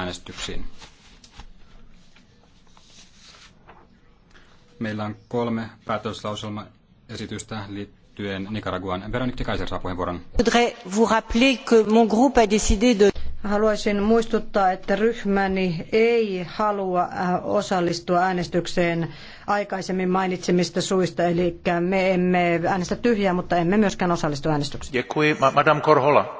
äänestyksiin. Meillä on kolme päätöslauselmaesitystä liittyen Nicaraguan. Veronique Kaiser saa puheenvuoron. Haluaisin muistuttaa, että ryhmäni ei halua äh, osallistua äänestykseen aikaisemmin mainitsemista suista, eli me emme äänestä tyhjää, mutta emme myöskään osallistu äänestykseen. Děkuji, Madame Korhola.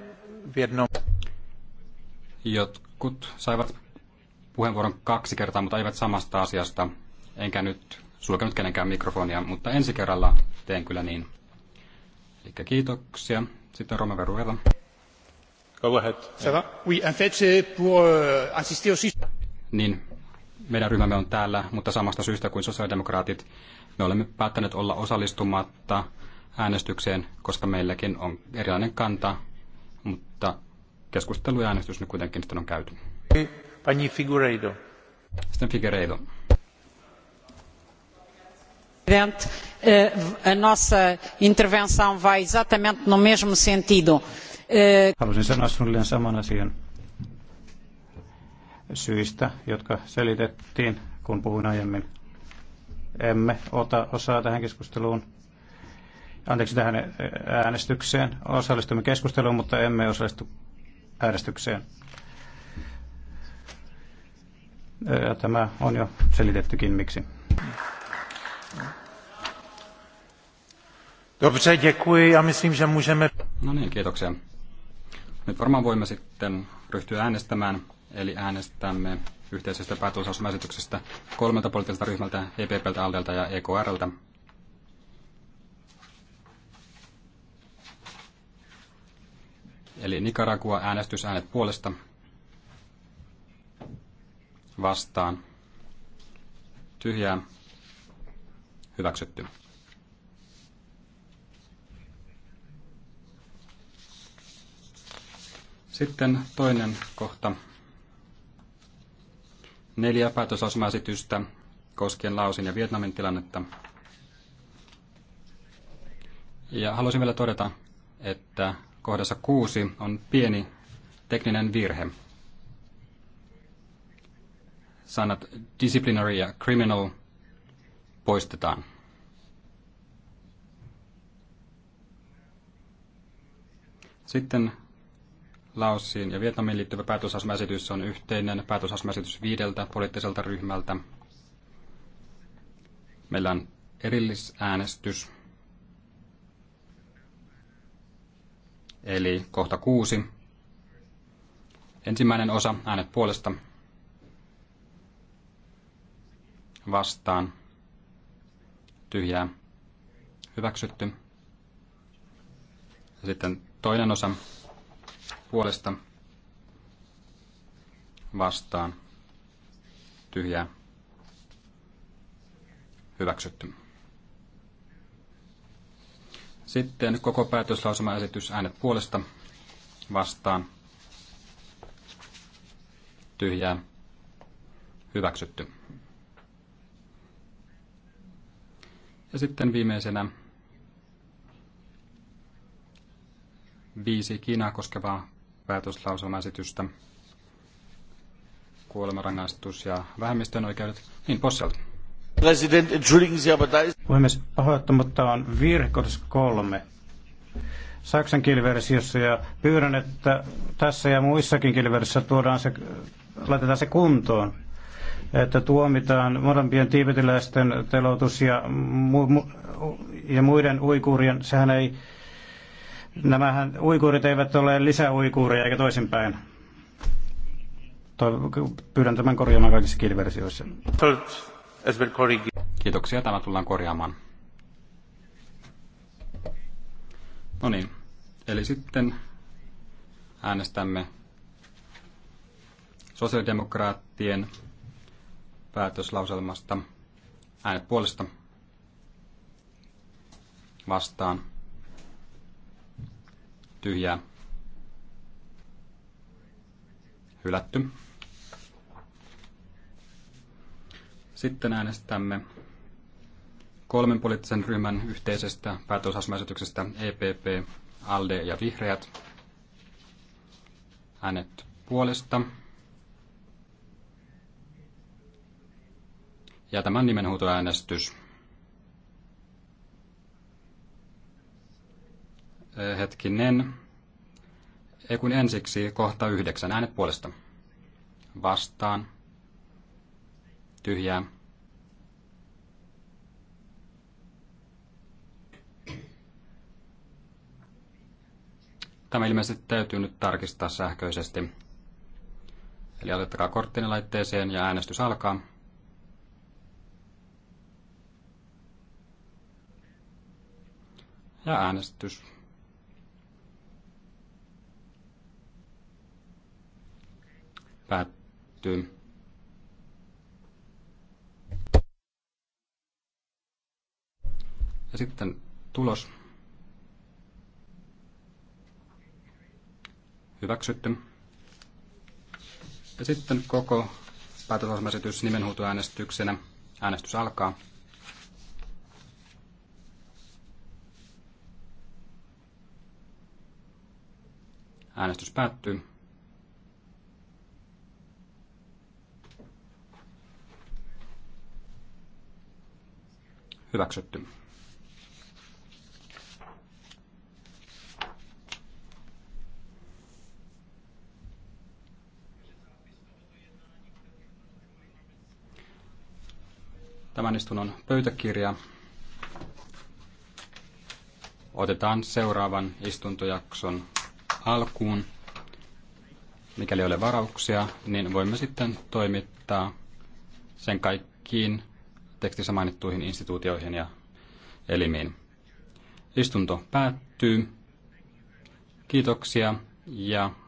Jotkut saivat puheenvuoron kaksi kertaa, mutta eivät samasta asiasta. Enkä nyt sulkenut kenenkään mikrofonia, mutta ensi kerralla teen kyllä niin. Eli kiitoksia. Sitten Rome Veruela. Go ahead. Ça va? Oui, en fait, c'est pour assister euh, aussi. Niin, meidän ryhmämme on täällä, mutta samasta syystä kuin sosiaalidemokraatit, me olemme päättäneet olla osallistumatta äänestykseen, koska meilläkin on erilainen kanta mutta keskustelu ja äänestys nyt kuitenkin sitten on käyty. Pani Figueiredo. Sitten Figueiredo. Presidente, eh, a nossa intervenção vai exatamente no mesmo sentido. Eh, Haluaisin sanoa suunnilleen saman asian syistä, jotka selitettiin, kun puhuin aiemmin. Emme ota osaa tähän keskusteluun anteeksi tähän äänestykseen. Osallistumme keskusteluun, mutta emme osallistu äänestykseen. Ja tämä on jo selitettykin miksi. Dobře, děkuji. Já myslím, že můžeme... No niin, kiitoksia. Nyt varmaan voimme sitten ryhtyä äänestämään, eli äänestämme yhteisestä päätöslausumaesityksestä kolmelta poliittiselta ryhmältä, EPPltä, ALDelta ja EKRltä. Eli Nicaragua äänestys äänet puolesta vastaan tyhjää hyväksytty. Sitten toinen kohta. Neljä päätösasemaesitystä koskien Laosin ja Vietnamin tilannetta. Ja haluaisin vielä todeta, että kohdassa kuusi on pieni tekninen virhe. Sanat disciplinary ja criminal poistetaan. Sitten Laosiin ja Vietnamiin liittyvä päätösasmaesitys on yhteinen päätösasmaesitys viideltä poliittiselta ryhmältä. Meillä on erillisäänestys. eli kohta kuusi. Ensimmäinen osa, äänet puolesta. Vastaan. Tyhjää. Hyväksytty. Ja sitten toinen osa puolesta vastaan tyhjää hyväksytty. Sitten koko päätöslausumaesitys äänet puolesta vastaan tyhjää hyväksytty. Ja sitten viimeisenä viisi Kiinaa koskevaa päätöslausumaesitystä. Kuolemarangaistus ja vähemmistön oikeudet, niin Posselta. President, entschuldigen Sie, aber da ist... Puhemies, pahoittamatta on virkotus kolme saksan kieliversiossa ja pyydän, että tässä ja muissakin kieliversiossa tuodaan se, laitetaan se kuntoon että tuomitaan molempien tiibetiläisten teloitus ja, mu, mu, ja muiden uikuurien, sehän ei, nämähän uikuurit eivät ole lisäuikuureja eikä toisinpäin. Pyydän tämän korjaamaan kaikissa kieliversioissa. Kiitoksia, tämä tullaan korjaamaan. No niin, eli sitten äänestämme sosiaalidemokraattien päätöslauselmasta äänet puolesta vastaan tyhjää hylätty. Sitten äänestämme kolmen poliittisen ryhmän yhteisestä päätösasmaisetyksestä EPP, ALDE ja Vihreät. Äänet puolesta. Ja tämän nimenhuutoäänestys. Äh, hetkinen. Ei kun ensiksi kohta yhdeksän äänet puolesta. Vastaan tyhjää. Tämä ilmeisesti täytyy nyt tarkistaa sähköisesti. Eli otettakaa korttinen laitteeseen ja äänestys alkaa. Ja äänestys päättyy. Ja sitten tulos. Hyväksytty. Ja sitten koko päätösasemaesitys nimenhuutoäänestyksenä. Äänestys alkaa. Äänestys päättyy. Hyväksytty. tämän istunnon pöytäkirja otetaan seuraavan istuntojakson alkuun. Mikäli ei ole varauksia, niin voimme sitten toimittaa sen kaikkiin tekstissä mainittuihin instituutioihin ja elimiin. Istunto päättyy. Kiitoksia ja